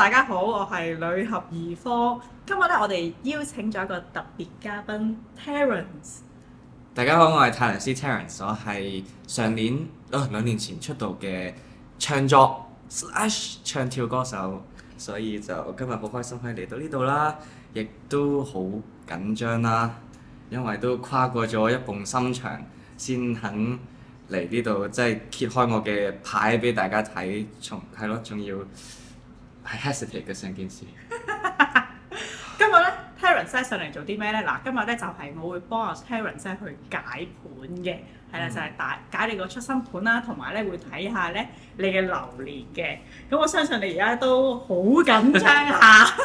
大家好，我係女俠 Yvonne。今日咧，我哋邀請咗一個特別嘉賓，Terence。Ter 大家好，我係泰倫斯 Terence。我係上年啊，兩年前出道嘅唱作唱跳歌手，所以就今日好開心可以嚟到呢度啦，亦都好緊張啦，因為都跨過咗一縫心牆先肯嚟呢度，即係揭開我嘅牌俾大家睇。重係咯，仲要。係 hesitate 嘅成件事。 今日咧，Terence 上嚟做啲咩咧？嗱，今日咧就係、係、我會幫阿 Terence 去解盤嘅，係啦，嗯、就係解解你個出生盤啦，同埋咧會睇下咧你嘅流年嘅。咁我相信你而家都好緊張嚇。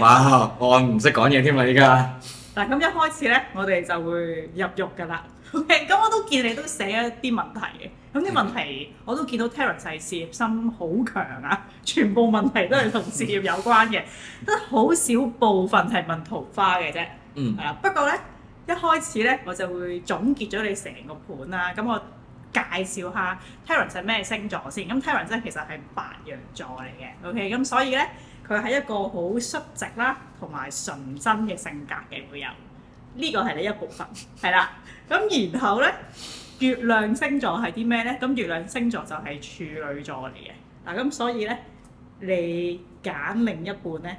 哇！我唔識講嘢添啊，依家 在。嗱，咁一開始咧，我哋就會入玉㗎啦。OK，咁我都見你都寫一啲問題嘅，咁啲問題我都見到 Terence 仔事業心好強啊，全部問題都係同事業有關嘅，得好少部分係問桃花嘅啫。嗯，係啦。不過咧，一開始咧我就會總結咗你成個盤啦。咁我介紹下 Terence 仔咩星座先。咁 Terence 仔其實係白羊座嚟嘅。OK，咁所以咧，佢係一個好率直啦，同埋純真嘅性格嘅好友。呢個係你一部分，係啦。咁然後咧，月亮星座係啲咩咧？咁月亮星座就係處女座嚟嘅。嗱，咁所以咧，你揀另一半咧，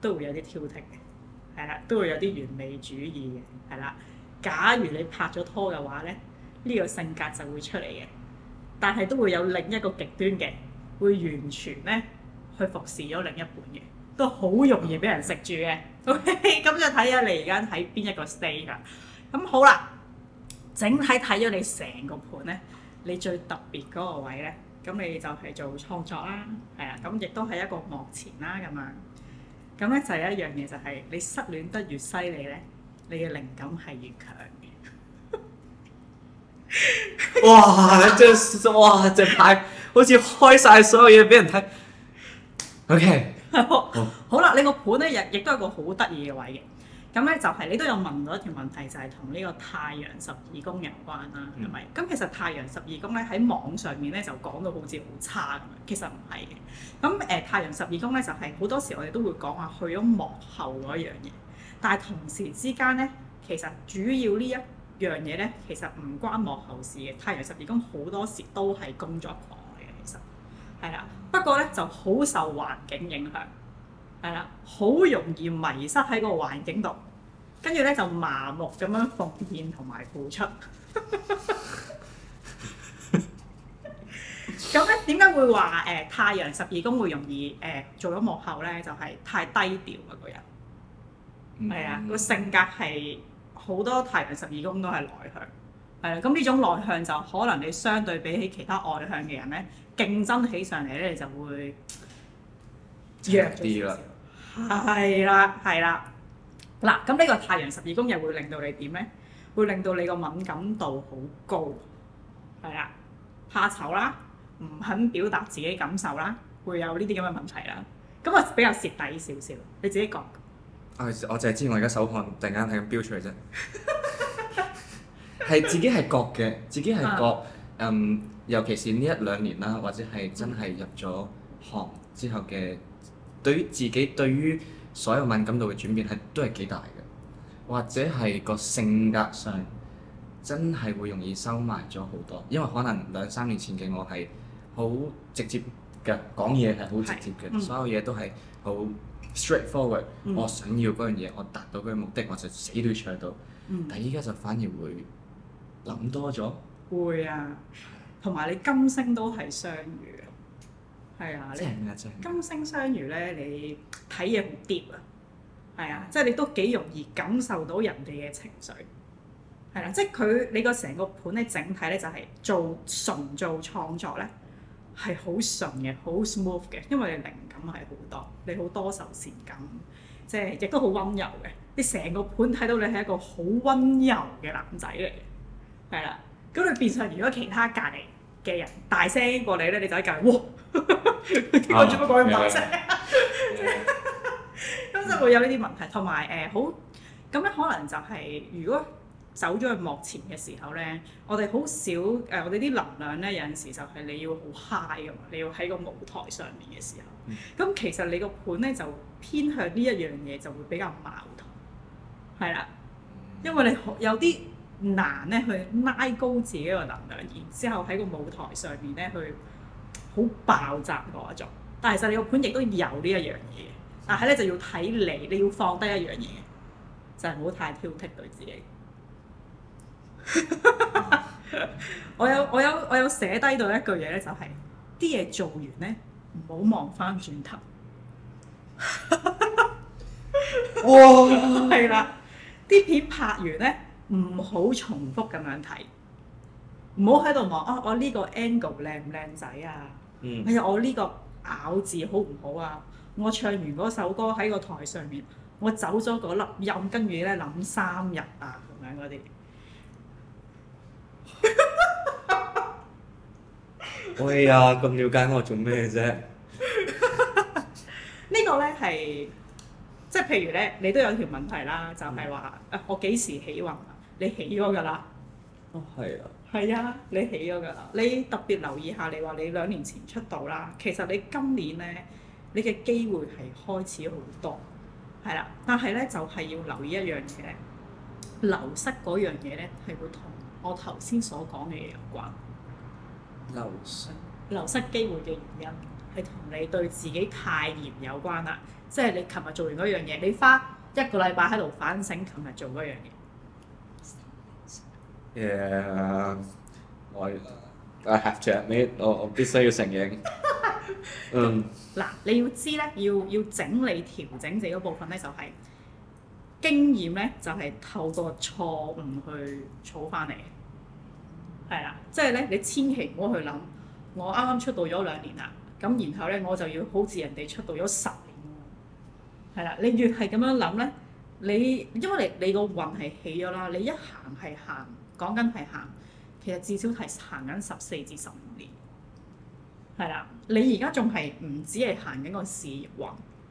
都會有啲挑剔嘅，係啦，都會有啲完美主義嘅，係啦。假如你拍咗拖嘅話咧，呢個性格就會出嚟嘅。但係都會有另一個極端嘅，會完全咧去服侍咗另一半嘅。都好容易俾人食住嘅，OK，咁就睇吓你而家喺邊一個 stage 啦。咁好啦，整體睇咗你成個盤咧，你最特別嗰個位咧，咁你就係做創作啦，係啊，咁亦都係一個幕前啦咁樣。咁咧，第一樣嘢就係你失戀得越犀利咧，你嘅靈感係越強嘅。哇！你真係哇！隻牌好似開曬所有嘢俾人睇。OK。 好，哦、好啦，你個盤咧亦亦都係一個好得意嘅位嘅，咁咧就係你都有問到一條問題，就係同呢個太陽十二宮有關啦，係咪、嗯？咁其實太陽十二宮咧，喺網上面咧就講到好似好差咁樣，其實唔係嘅。咁誒、呃、太陽十二宮咧就係好多時我哋都會講話去咗幕後嗰樣嘢，但係同時之間咧，其實主要一呢一樣嘢咧，其實唔關幕後事嘅。太陽十二宮好多時都係工作狂。係啦，不過咧就好受環境影響，係啦的，好容易迷失喺個環境度，跟住咧就麻木咁樣奉獻同埋付出。咁咧點解會話誒、呃、太陽十二宮會容易誒、呃、做咗幕後咧？就係、是、太低調啊。個人。係啊、嗯，個性格係好多太陽十二宮都係內向。係啦，咁呢、嗯、種內向就可能你相對比起其他外向嘅人咧，競爭起上嚟咧你就會弱啲啦。係啦 Yeah,，係啦、嗯。嗱，咁呢、嗯嗯、個太陽十二宮又會令到你點咧？會令到你個敏感度好高。係啦，怕醜啦，唔肯表達自己感受啦，會有呢啲咁嘅問題啦。咁啊比較蝕底少少，你自己講。啊、嗯，我淨係知我而家手汗突然間係咁飆出嚟啫。係 自己係覺嘅，自己係覺，嗯，尤其是呢一兩年啦，或者係真係入咗行之後嘅、嗯，對於自己對於所有敏感度嘅轉變係都係幾大嘅，或者係個性格上真係會容易收埋咗好多，因為可能兩三年前嘅我係好直接嘅，講嘢係好直接嘅，嗯、所有嘢都係好 straightforward，嗯、我想要嗰樣嘢，我達到佢嘅目的我就死都要搶到，嗯、但係依家就反而會。諗多咗？會啊，同埋你金星都係雙魚啊，係啊，你金星雙魚咧，你睇嘢好疊啊，係啊，即係你都幾容易感受到人哋嘅情緒，係啦、啊，即係佢你個成個盤咧，整體咧就係做純做創作咧係好純嘅，好 smooth 嘅，因為你靈感係好多，你好多愁善感，即係亦都好温柔嘅，你成個盤睇到你係一個好温柔嘅男仔嚟嘅。係啦，咁你變相如果其他隔離嘅人大聲過你咧，你就喺隔離，哇！我只不過講咁大聲，咁就會有呢啲問題。同埋誒好咁咧，可能就係、是、如果走咗去幕前嘅時候咧，我哋好少誒、呃，我哋啲能量咧，有陣時就係你要好 high 嘅嘛，你要喺個舞台上面嘅時候，咁、mm. 其實你個盤咧就偏向呢一樣嘢，就會比較矛盾。係啦，因為你有啲。難咧去拉高自己個能量，然之後喺個舞台上面咧去好爆炸嗰種。但係其實你個盤亦都有呢一樣嘢，但係咧就要睇你，你要放低一樣嘢，就係唔好太挑剔對自己。 我有我有我有寫低到一句嘢咧、就是，就係啲嘢做完咧，唔好望翻轉頭。 哇！係啦， 啲片拍完咧。唔好重複咁樣睇，唔好喺度望啊！我呢個 angle 靚唔靚仔啊？嗯，係啊！我呢個咬字好唔好啊？我唱完嗰首歌喺個台上面，我走咗嗰粒音，跟住咧諗三日啊，咁樣嗰啲。 哎呀，咁了解我做咩啫？ 個呢個咧係即係譬如咧，你都有條問題啦，就係、是、話、嗯、啊，我幾時起運？你起咗㗎啦！哦，係啊，係啊，你起咗㗎啦。你特別留意下，你話你兩年前出道啦，其實你今年呢，你嘅機會係開始好多，係啦，啊。但係呢，就係，係，要留意一樣嘢，流失嗰樣嘢呢，係會同我頭先所講嘅嘢有關。流失？流失機會嘅原因係同你對自己太嚴有關啦，即係你琴日做完嗰樣嘢，你花一個禮拜喺度反省琴日做嗰樣嘢。誒，I have to admit，我我必須要承認。嗯，嗱，你要知咧，要要整理調整自己嗰部分咧、就是，就係經驗咧，就係透過錯誤去儲翻嚟嘅，係啦。即係咧，你千祈唔好去諗，我啱啱出道咗兩年啦，咁然後咧我就要好似人哋出道咗十年喎，係啦。你越係咁樣諗咧，你因為你你個運係起咗啦，你一行係行。講緊係行，其實至少係行緊十四至十五年，係啦的、哦。你而家仲係唔止係行緊個事業運，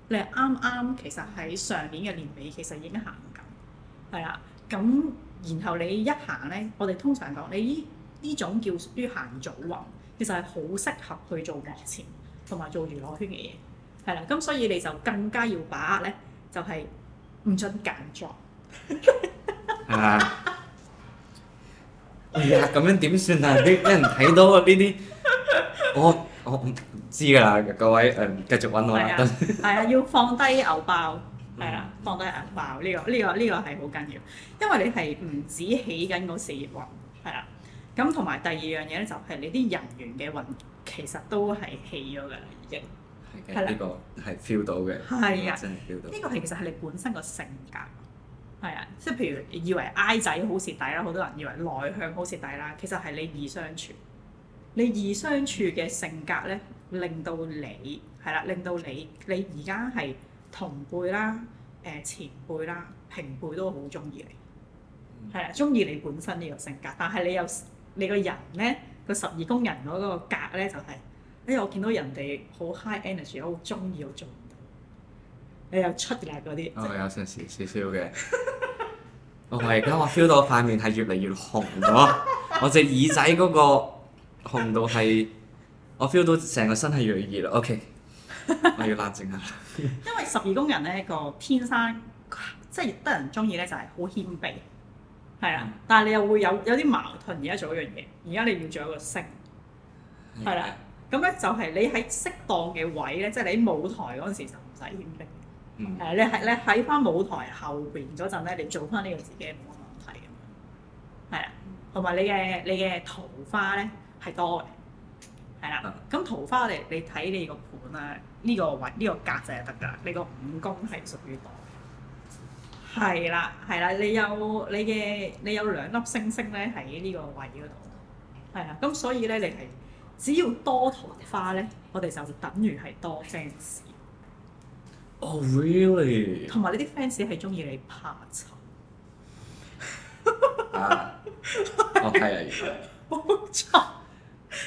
你啱啱其實喺上年嘅年尾其實已經行緊，係啦的。咁然後你一行呢，我哋通常講你依呢種叫於行早運，其實係好適合去做幕前同埋做娛樂圈嘅嘢，係啦。咁所以你就更加要把握呢，就係、是、唔準緊作。啊 哎呀，咁樣點算啊？啲啲人睇到呢啲， 我我唔知噶啦，各位誒、呃，繼續揾我啦、啊。係啊的， 要放低牛爆，係啦，放低牛爆。呢、這個呢、這個呢、這個係好緊要，因為你係唔止起緊嗰事業運，係啦，咁同埋第二樣嘢咧，就係你啲人員嘅運，其實都係起咗噶啦，已經係啦，呢的的個係 feel 到嘅，係啊的，真係 feel 到。呢、這個其實係你本身個性格。係啊，即係譬如以為 I 仔好蝕底啦，好多人以為內向好蝕底啦，其實係你易相處，你易相處嘅性格咧，令到你係啦，令到你你而家係同輩啦，誒、呃、前輩啦、平輩都好中意你，係啦，中意你本身呢個性格，但係你有你個人咧個十二宮人嗰個格咧就係、是，因、哎、為我見到人哋好 high energy，好中意好中。你又出嚟嗰啲，啊、哦、有陣時少少嘅，我而家我 feel 到塊面係越嚟越紅咗。我隻耳仔嗰個紅到係，我 feel 到成個身係越嚟越熱啦。OK，我要冷靜下 因為十二宮人咧，嗰個天生即係得人中意咧，就係、是、好謙卑，係啊，但係你又會有有啲矛盾。而家做一樣嘢，而家你要做一個星，係啦，咁咧就係、是、你喺適當嘅位咧，即、就、係、是、你喺舞台嗰陣時就唔使謙卑。誒，嗯、你係你喺翻舞台後邊嗰陣咧，你做翻呢個自己冇問題咁樣，係啦，同埋你嘅你嘅桃花咧係多嘅，係啦，咁、嗯、桃花我你睇你個盤啊，呢、呢個位呢、呢個格就係得噶，你個五宮係屬於多嘅，係啦係啦，你有你嘅你有兩粒星星咧喺呢個位嗰度，係啦，咁所以咧你係只要多桃花咧，我哋就等於係多 fans。哦、oh，really？同埋呢啲 fans 係中意你怕醜？是啊，OK 啊，錯，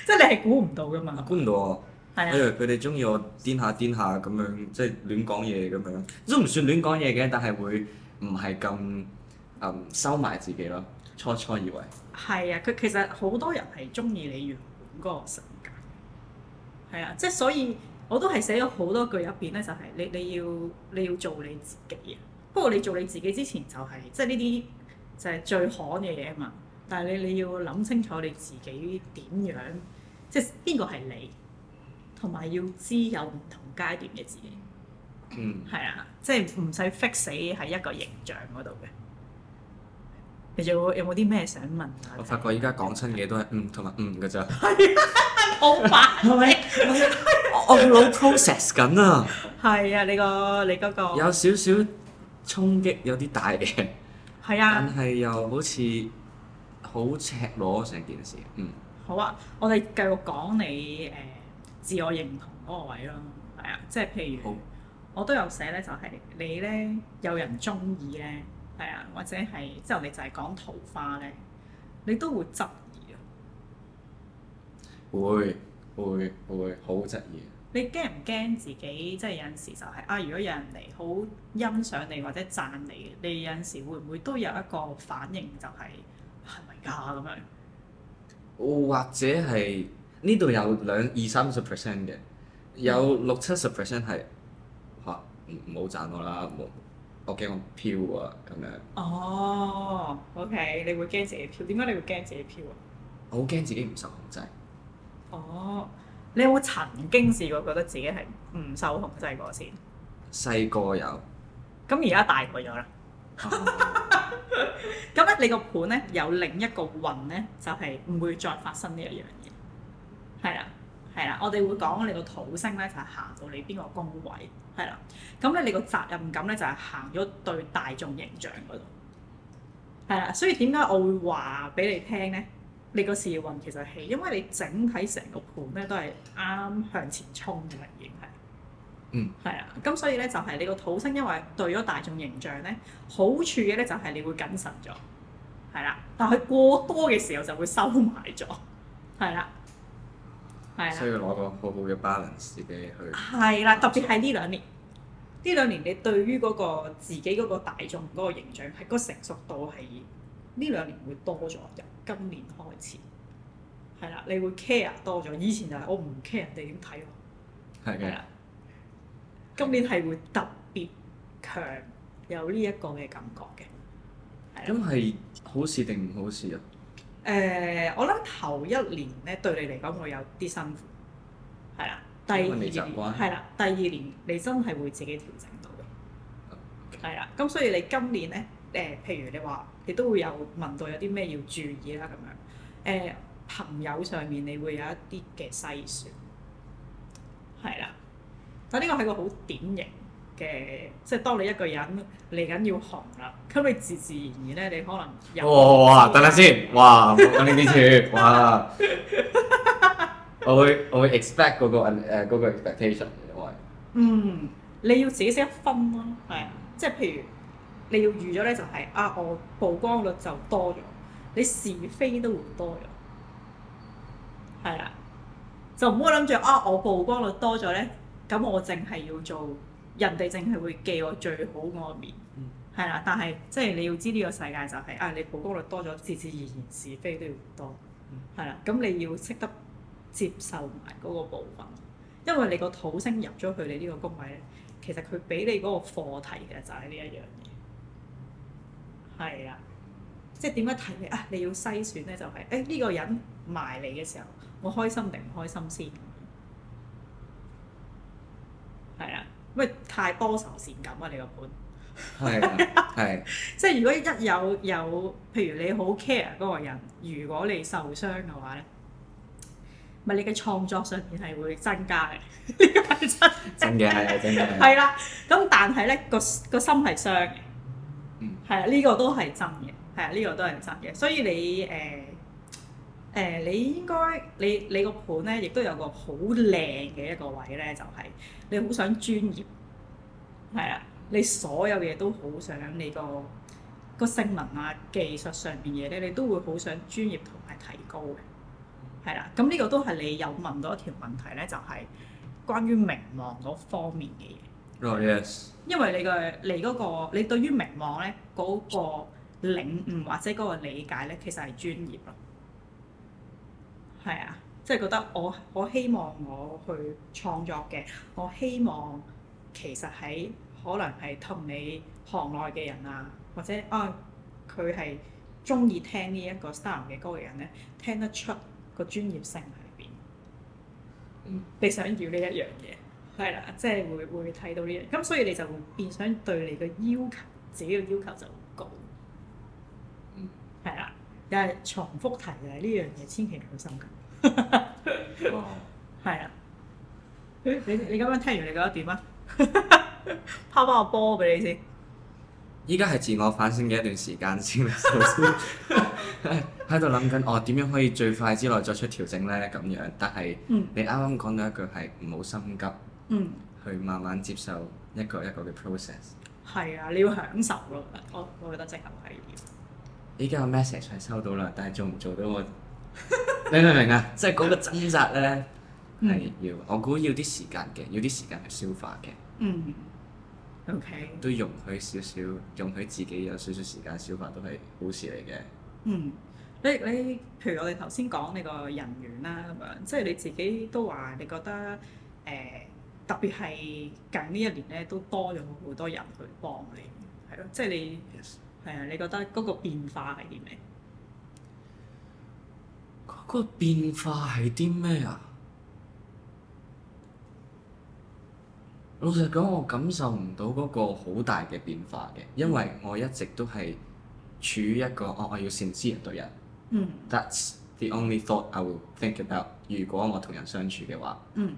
即係你係估唔到噶嘛？估唔到啊！係啊，以為佢哋中意我癲下癲下咁樣，即係亂講嘢咁樣，都唔算亂講嘢嘅，但係會唔係咁嗯收埋自己咯，初初以為。係啊，佢其實好多人係中意你原本嗰個性格，係啊，即係所以。我都係寫咗好多句入邊咧，就係、是、你你要你要做你自己。不過你做你自己之前就係、是、即係呢啲就係最可嘅嘢啊嘛。但係你你要諗清楚你自己點樣，即係邊個係你，同埋要知有唔同階段嘅自己。嗯，係啊，即係唔使 fix 死喺一個形象嗰度嘅。你仲有冇啲咩想問？我發覺依家講親嘢都係嗯同埋嗯嘅啫。 法。係 好慢，係咪？我腦 process 緊啊！係啊，你、嗰個你嗰個有少少衝擊，有啲大嘅。係啊，但係又好似好赤裸成件事。嗯，好啊，我哋繼續講你誒自我認同嗰個位咯。係啊，即係譬如好我都有寫咧，就係、係、你咧有人中意咧。係啊，或者係之後你就係講桃花咧，你都會質疑啊？會會會，好質疑。你驚唔驚自己？即係有陣時就係、是、啊，如果有人嚟好欣賞你或者讚你，你有陣時會唔會都有一個反應、就是，就係係咪假咁樣？我或者係呢度有兩二三十 percent 嘅，有六七十 percent 係吓，唔好、嗯、讚我啦，我驚我飄啊，咁樣。哦、oh，OK，你會驚自己飄？點解你會驚自己飄啊？我好驚自己唔受控制。哦，oh，你有冇曾經試過覺得自己係唔受控制過先？細個有。咁而家大個咗啦。咁咧，你個盤咧有另一個運咧，就係唔會再發生呢一樣嘢。係啊。係啦，我哋會講你個土星咧就係、是、行到你邊個宮位，係啦。咁咧你個責任感咧就係行咗對大眾形象嗰度，係啦。所以點解我會話俾你聽咧？你個事業運其實係因為你整體成個盤咧都係啱向前衝嘅形勢，嗯，係啊。咁所以咧就係、是、你個土星因為對咗大眾形象咧，好處嘅咧就係你會謹慎咗，係啦。但係過多嘅時候就會收埋咗，係啦。需要攞個好好嘅 balance 畀自己去。係啦，特別係呢兩年，呢兩年你對於嗰個自己嗰個大眾嗰個形象係、嗰個成熟度係呢兩年會多咗，由今年開始係啦，你會 care 多咗，以前就係我唔 care 人哋點睇喎。係嘅啦。今年係會特別強有呢一個嘅感覺嘅。咁係好事定唔好事啊？誒、呃，我諗頭一年咧對你嚟講會有啲辛苦，係啦。第二年係啦，第二年你真係會自己調整到嘅，係啦。咁所以你今年咧，誒、呃，譬如你話你都會有問到有啲咩要注意啦咁樣，誒、呃，朋友上面你會有一啲嘅篩選，係啦。但呢個係個好典型。嘅，即係當你一個人嚟緊要紅啦，咁你自自然然咧，你可能有哇，哇，等下先，哇講呢啲處，哇，我會 我會，會 expect 嗰、嗰個誒、uh, expectation 因為，嗯，你要自己識分咯，係啊，即係譬如你要預咗咧、就係，就係啊，我曝光率就多咗，你是非都會多咗，係啊，就唔好諗住啊，我曝光率多咗咧，咁我淨係要做。人哋淨係會記我最好嗰面，係啦、嗯。但係即係你要知呢個世界就係、是、啊，你曝光率多咗，自自然然是非都要多，係啦、嗯。咁你要識得接受埋嗰個部分，因為你個土星入咗去你呢個宮位咧，其實佢俾你嗰個課題嘅就係、是、呢一樣嘢，係啦。即係點樣睇你啊？你要篩選咧，就係誒呢個人埋嚟嘅時候，我開心定唔開心先，係啦。因為太多愁善感啊！你個本係係 即係如果一有有譬如你好 care 嗰個人，如果你受傷嘅話咧，咪你嘅創作上面係會增加嘅，呢個係真真嘅係真嘅係啦。咁但係咧個個心係傷嘅，係啊呢個都係真嘅，係啊呢個都係真嘅。所以你誒。呃誒，你應該你你個盤咧，亦都有個好靚嘅一個位咧，就係你好想專業，係啊，你所有嘢都好想你個個性能啊、技術上面嘢咧，你都會好想專業同埋提高嘅，係啦。咁呢個都係你有問到一條問題咧，就係關於名望嗰方面嘅嘢。哦，yes。因為你嘅你嗰個你對於名望咧嗰個領悟或者嗰個理解咧，其實係專業咯。係啊，即係覺得我我希望我去創作嘅，我希望其實喺可能係同你行內嘅人啊，或者啊佢係中意聽呢一個 style 嘅歌嘅人咧，聽得出個專業性喺邊。嗯，你想要呢一樣嘢，係啦，即係會會睇到呢樣，咁所以你就變相對你嘅要求，自己嘅要求就高。嗯，係啦，但係重複提就係呢樣嘢，千祈唔好心急。係、 哦、啊，你你咁樣聽完你覺得點啊？ 拋翻個波俾你先。依家係自我反省嘅一段時間先，啦。首先喺度諗緊，哦點樣可以最快之內作出調整咧？咁樣，但係你啱啱講到一句係唔好心急，嗯、去慢慢接受一個一個嘅 process。係啊，你要享受咯，我我覺得正喺呢點。依家個 message 係收到啦，但係做唔做到我？你 明唔明啊？即係嗰個掙扎咧，係、mm. 要我估要啲時間嘅，要啲時間去消化嘅。嗯、mm.，OK。都容許少少，容許自己有少少時間消化都係好事嚟嘅。嗯、mm.，你你，譬如我哋頭先講你個人緣啦，咁樣，即係你自己都話、呃 Yes. 呃，你覺得誒，特別係近呢一年咧，都多咗好多人去幫你，係咯，即係你係啊，你覺得嗰個變化係點咩？嗰個變化係啲咩啊？老實講，我感受唔到嗰個好大嘅變化嘅，因為我一直都係處於一個哦，我要善知人對人。嗯。That's the only thought I will think about. 如果我同人相處嘅話。嗯。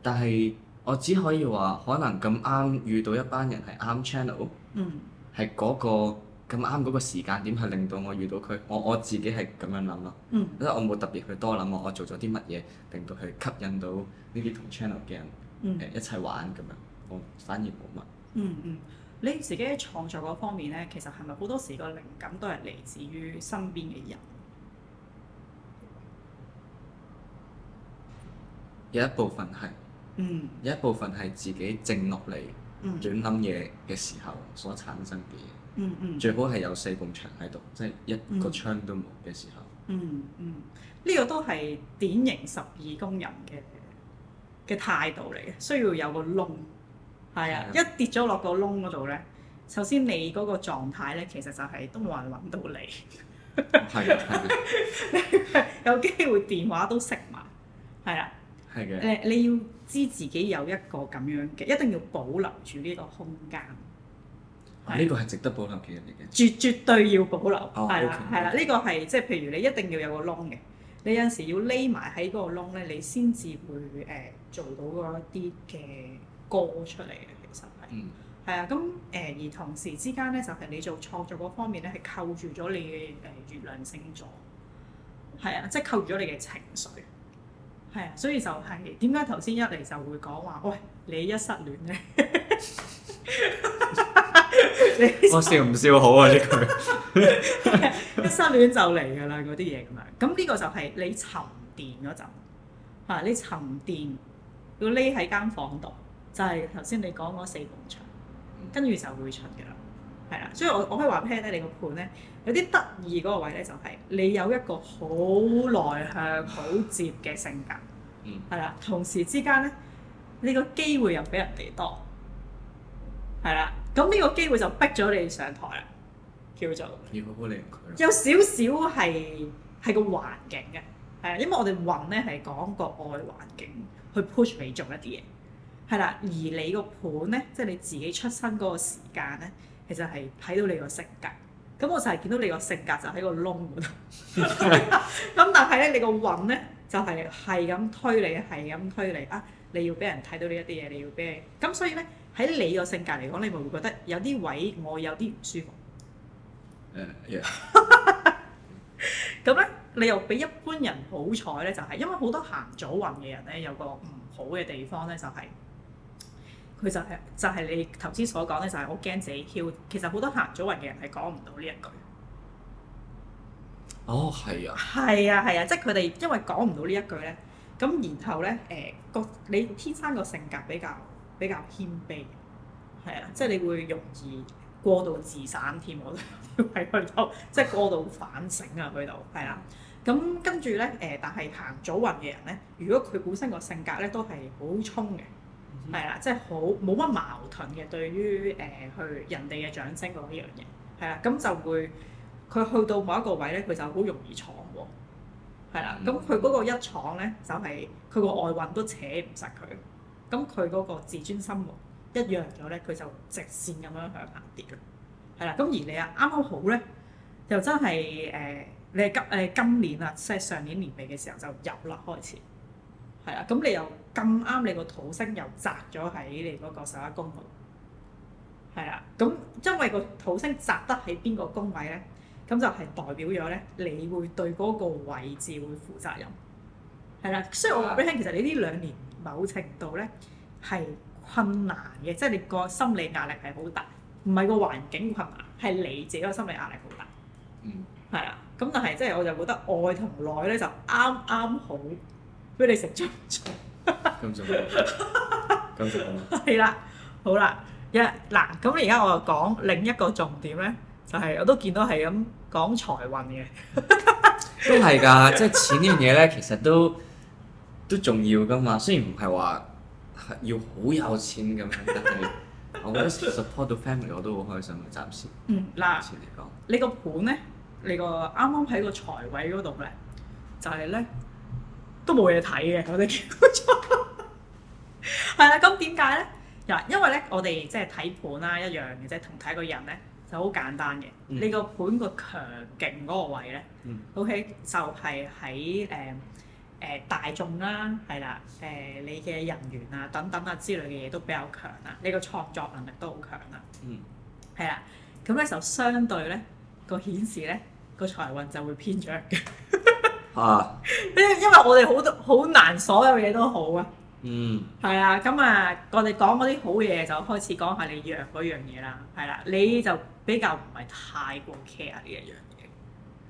但係我只可以話，可能咁啱遇到一班人係啱 channel。嗯。係嗰個。咁啱嗰個時間點係令到我遇到佢，我我自己係咁樣諗咯，嗯、因為我冇特別去多諗我，我做咗啲乜嘢令到佢吸引到呢啲同 channel 嘅人誒、嗯呃、一齊玩咁樣，我反而冇乜。嗯嗯，你自己喺創作嗰方面咧，其實係咪好多時個靈感都係嚟自於身邊嘅人？有一部分係，嗯、有一部分係自己靜落嚟轉諗嘢嘅時候所產生嘅。嗯嗯，嗯最好係有四埲牆喺度，即係、嗯、一個窗都冇嘅時候。嗯嗯，呢、嗯呢個都係典型十二宮人嘅嘅態度嚟嘅，需要有個窿。係啊，的一跌咗落個窿嗰度咧，首先你嗰個狀態咧，其實就係都冇人揾到你。係係，有機會電話都熄埋。係啊。係嘅的。誒，你要知自己有一個咁樣嘅，一定要保留住呢個空間。呢、哦這個係值得保留嘅人嚟嘅，絕絕對要保留，係啦，係啦，呢個係即係譬如你一定要有個窿嘅，你有陣時要匿埋喺嗰個窿咧，你先至會誒、呃、做到嗰一啲嘅歌出嚟嘅，其實係，係、嗯、啊，咁、呃、誒而同時之間咧，就係、是、你做創作嗰方面咧，係扣住咗你嘅誒月亮星座，係啊，即係扣住咗你嘅情緒，係啊，所以就係點解頭先一嚟就會講話，喂，你一失戀咧？ 我笑唔笑好啊？呢句一失戀就嚟嘅啦，嗰啲嘢咁樣。咁呢個就係你沉澱嗰陣、啊，你沉澱要匿喺間房度，就係頭先你講嗰四堵牆，跟住就會出嘅啦。係啦，所以我我可以話畀聽咧，你個盤咧有啲得意嗰個位咧，就係、是、你有一個好內向、好接嘅性格，係啦、 嗯。同時之間咧，你個機會又比人哋多，係啦。咁呢個機會就逼咗你上台啦，叫做有少少係係個環境嘅，係因為我哋運咧係講國外環境去 push 你做一啲嘢，係啦。而你個盤咧，即係你自己出生嗰個時間咧，其實係睇到你個性格。咁我就係見到你個性格就喺個窿嗰度。咁 但係咧，你個運咧就係係咁推你，係咁推你啊！你要俾人睇到呢一啲嘢，你要俾，咁所以咧。喺你個性格嚟講，你會唔會覺得有啲位我有啲唔舒服？咁咧、uh, yeah. 你又比一般人好彩咧，就係、是、因為好多行早運嘅人咧，有個唔好嘅地方咧，就係、是、佢就係就係你頭先所講咧，就係好驚自己跳。其實好多行早運嘅人係講唔到呢一句。哦，係啊。係啊，係啊，即係佢哋因為講唔到呢一句咧，咁然後咧，誒、呃、個你天生個性格比較。比較謙卑，係啊，即係你會容易過度自省添，我都喺佢度，即係過度反省啊，佢度係啦。咁跟住咧，誒、呃，但係行早運嘅人咧，如果佢本身個性格咧都係好衝嘅，係啦、嗯哼，即係好冇乜矛盾嘅。對於誒去人哋嘅掌聲嗰樣嘢，係啦，咁就會佢去到某一個位咧，佢就好容易闖喎、哦，係啦。咁佢嗰個一闖咧，就係佢個外運都扯唔實佢。咁佢嗰個自尊心一弱咗咧，佢就直線咁樣向下跌咯，係啦。咁而你啊，啱啱好咧，就真係誒、呃，你係今誒今年啊，即係上年年尾嘅時候就入啦開始，係啦。咁你又咁啱，你個土星又擲咗喺你嗰個十一宮度，係啦。咁因為個土星擲得喺邊個宮位咧，咁就係代表咗咧，你會對嗰個位置會負責任，係啦。所以我話俾你聽，啊、其實你呢兩年。某程度咧係困難嘅，即係你個心理壓力係好大，唔係個環境困難，係你自己個心理壓力好大。嗯，係啊，咁但係即係我就覺得愛同內咧就啱啱好俾你食足咁夠唔夠？夠唔夠？係啦，好啦，一嗱咁而家我講另一個重點咧，就係、是、我都見到係咁講財運嘅，都係㗎，即、就、係、是、錢呢樣嘢咧，其實都。 都重要噶嘛，雖然唔係話要好有錢咁樣， 但係我覺得 support 到 family 我都好開心啊！暫時，嗯嗱，目前嚟講、嗯、你個盤咧，你個啱啱喺個財位嗰度咧，就係、是、咧都冇嘢睇嘅，我哋叫錯，係 啦，咁點解咧？嗱，因為咧，我哋即係睇盤啦，一樣嘅啫，同睇一個人咧就好簡單嘅。嗯、你個盤個強勁嗰個位咧，O K 就係喺誒。嗯誒、呃、大眾啦，係啦，誒你嘅人緣啊，呃、員啊等等啊之類嘅嘢都比較強啊，你個創作能力都好強啊，嗯啊，係啦，咁咧就相對咧個顯示咧個財運就會偏咗嘅，啊，因 因為我哋好多好難所有嘢都好啊，嗯，啊嗯，係啊，咁啊我哋講嗰啲好嘢就開始講下你弱嗰樣嘢啦，係啦、啊，你就比較唔係太過 care 呢一樣。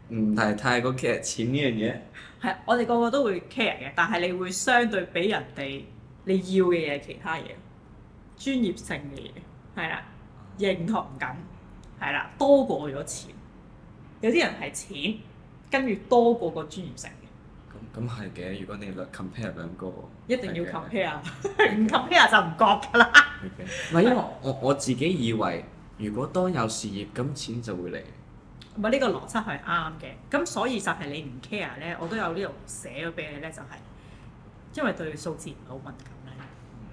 唔係太過 care 錢呢樣嘢，係 我哋個個都會 care 嘅，但係你會相對俾人哋你要嘅嘢，其他嘢專業性嘅嘢，係啦，認同感係啦，多過咗錢，有啲人係錢跟住多過個專業性嘅。咁咁係嘅，如果你兩 compare 兩個，一定要 compare，唔的 compare okay. 就唔覺㗎啦。唔係 Okay. 的因為我我自己以為，如果當有事業，咁錢就會嚟。呢個邏輯係啱嘅，咁所以就係你唔 care 咧，我都有呢度寫咗俾你咧，就係，就係因為對數字唔係好敏感咧，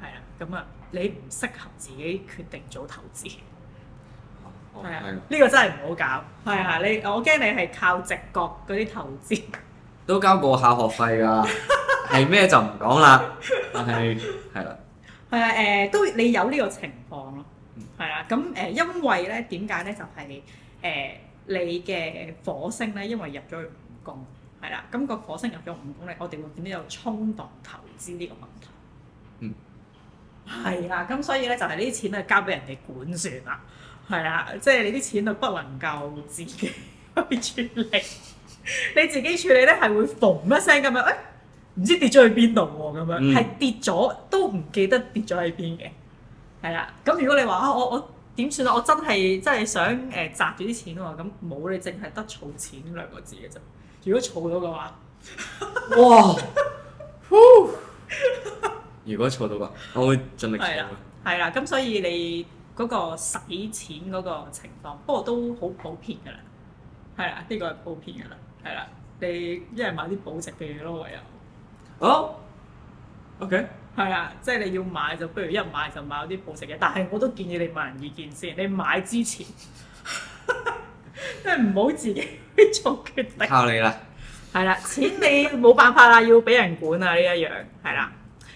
係啦，咁啊，你唔適合自己決定做投資，係啊，呢、哦、個真係唔好搞，係啊，嗯、你我驚你係靠直覺嗰啲投資，都交過校學費㗎，係咩？ 就唔講啦，但係係啦，係啊，誒、呃、都你有呢個情況咯，係啊，咁誒、呃、因為咧點解咧就係、係、誒？呃你嘅火星咧，因為入咗去五宮，係啦。咁、個火星入咗五宮咧，我哋會點呢？有衝動投資呢個問題。嗯。係啊，咁所以咧就係呢啲錢啊交俾人哋管算啦。係啊，即、就、係、是、你啲錢啊不能夠自己 去處理。 你自己處理咧係會逢一聲咁、哎啊、樣，誒唔知跌咗去邊度喎咁樣，係跌咗都唔記得跌咗喺邊嘅。係啦，咁如果你話啊，我我。點算啊？我真係真係想誒賺住啲錢喎、啊。咁冇，你淨係得儲錢兩個字嘅啫。如果儲到嘅話， 哇！ 如果儲到嘅話，我會盡力儲。係啦。係啦。咁所以你嗰個使錢嗰個情況，不過都好普遍嘅啦。係啦，呢、這個係普遍嘅啦。係啦，你一係買啲保值嘅嘢咯，唯有。好。OK。係啊，即係、就是、你要買就不如一買就買嗰啲保值嘅。但係我都建議你問人意見先，你買之前，即係唔好自己去做決定。靠你啦！係啦，錢你冇辦法啦，要俾人管啊呢一樣，係啦。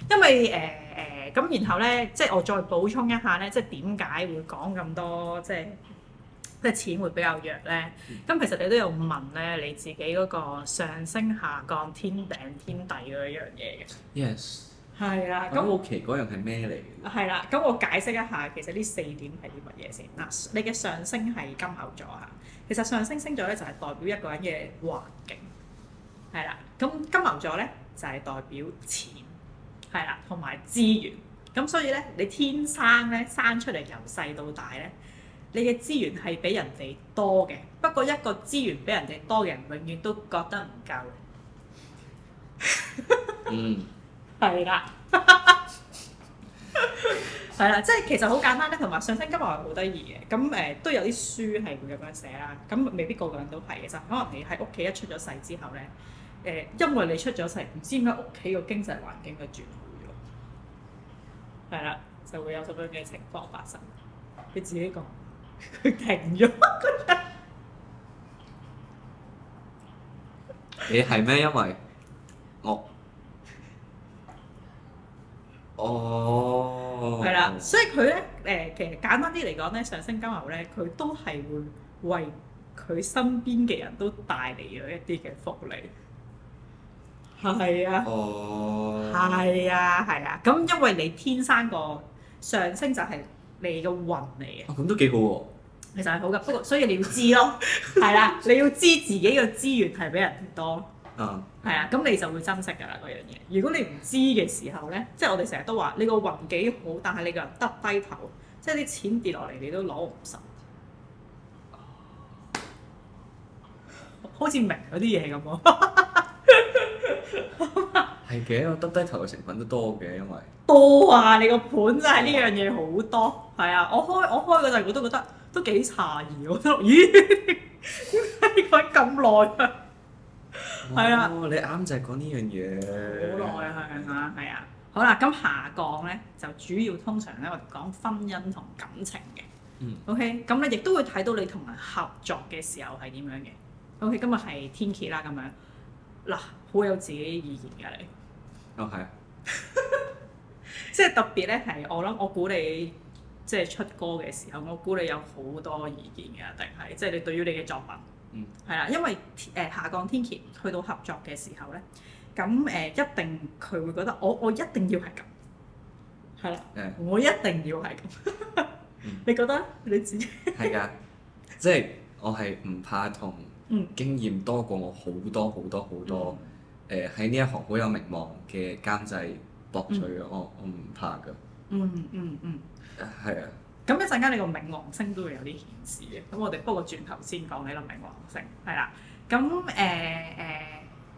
因為誒誒，咁、呃呃、然後咧，即係我再補充一下咧，即係點解會講咁多，即係即係錢會比較弱咧？咁、嗯、其實你都有問咧，你自己嗰個上升下降天頂天底嗰樣嘢嘅。Yes. 係啦，咁好奇嗰樣係咩嚟嘅咧？係啦，咁我解釋一下，其實呢四點係啲乜嘢先嗱。你嘅上升係金牛座嚇，其實上升星座咧就係代表一個人嘅環境，係啦。咁金牛座咧就係代表錢，係啦，同埋資源。咁所以咧，你天生咧生出嚟由細到大咧，你嘅資源係比人哋多嘅。不過一個資源比人哋多嘅人，永遠都覺得唔夠。 嗯。係啦，係啦，即係其實好簡單咧，同埋上升金牛係好得意嘅，咁誒都有啲書係會咁樣寫啦，咁未必個個人都係嘅，就可能你喺屋企一出咗世之後咧，誒因為你出咗世，唔知點解屋企個經濟環境就轉好咗，係啦，就會有咁樣嘅情況發生。你自己講，佢停咗。你係咩？因為我。哦，係啦，oh，所以佢咧誒，其實簡單啲嚟講咧，上升金牛咧，佢都係會為佢身邊嘅人都帶嚟咗一啲嘅福利。係啊。哦。係啊，係啊，咁因為你天生個上升就係你嘅運嚟嘅。Oh, 啊，咁都幾好喎。其實係好㗎，不過所以你要知咯，係啦， 啊，你要知自己嘅資源係比人哋多。Uh huh. 啊，係啊，咁你就會珍惜噶啦，嗰樣嘢。如果你唔知嘅時候咧，即係我哋成日都話你個運幾好，但係你個人耷低頭，即係啲錢跌落嚟你都攞唔實。 好似明嗰啲嘢咁喎。係 嘅，我耷低，低頭嘅成分都多嘅，因為多啊！你個盤真係呢 樣嘢好多。係啊，我開我開嗰陣我都覺得都幾詫異，我都咦點解咁耐？ 係啊，哦、哇你啱就係講呢樣嘢。好耐啊，係啊，好啦，咁下降咧就主要通常咧我哋講婚姻同感情嘅。嗯。OK，咁咧亦都會睇到你同人合作嘅時候係點樣嘅。OK，今日係天氣天蠍啦，咁樣嗱，好有自己意見㗎、啊、你。哦，係 。即係特別咧係，我諗我估你即係出歌嘅時候，我估你有好多意見嘅，定係即係你對於你嘅作品？嗯，係啦，因為誒、呃、下降天蠍去到合作嘅時候咧，咁誒、呃、一定佢會覺得我我一定要係咁，係啦，誒、嗯、我一定要係咁， 你覺得你自己係㗎？即係的 我係唔怕同經驗多過我好多好多好多誒喺呢一行好有名望嘅監製博取我、嗯、我唔怕㗎、嗯。嗯嗯嗯，係、嗯、啊。咁一陣間你個冥王星都會有啲顯示嘅，咁我哋不過轉頭先講你個冥王星，係啦，咁誒誒，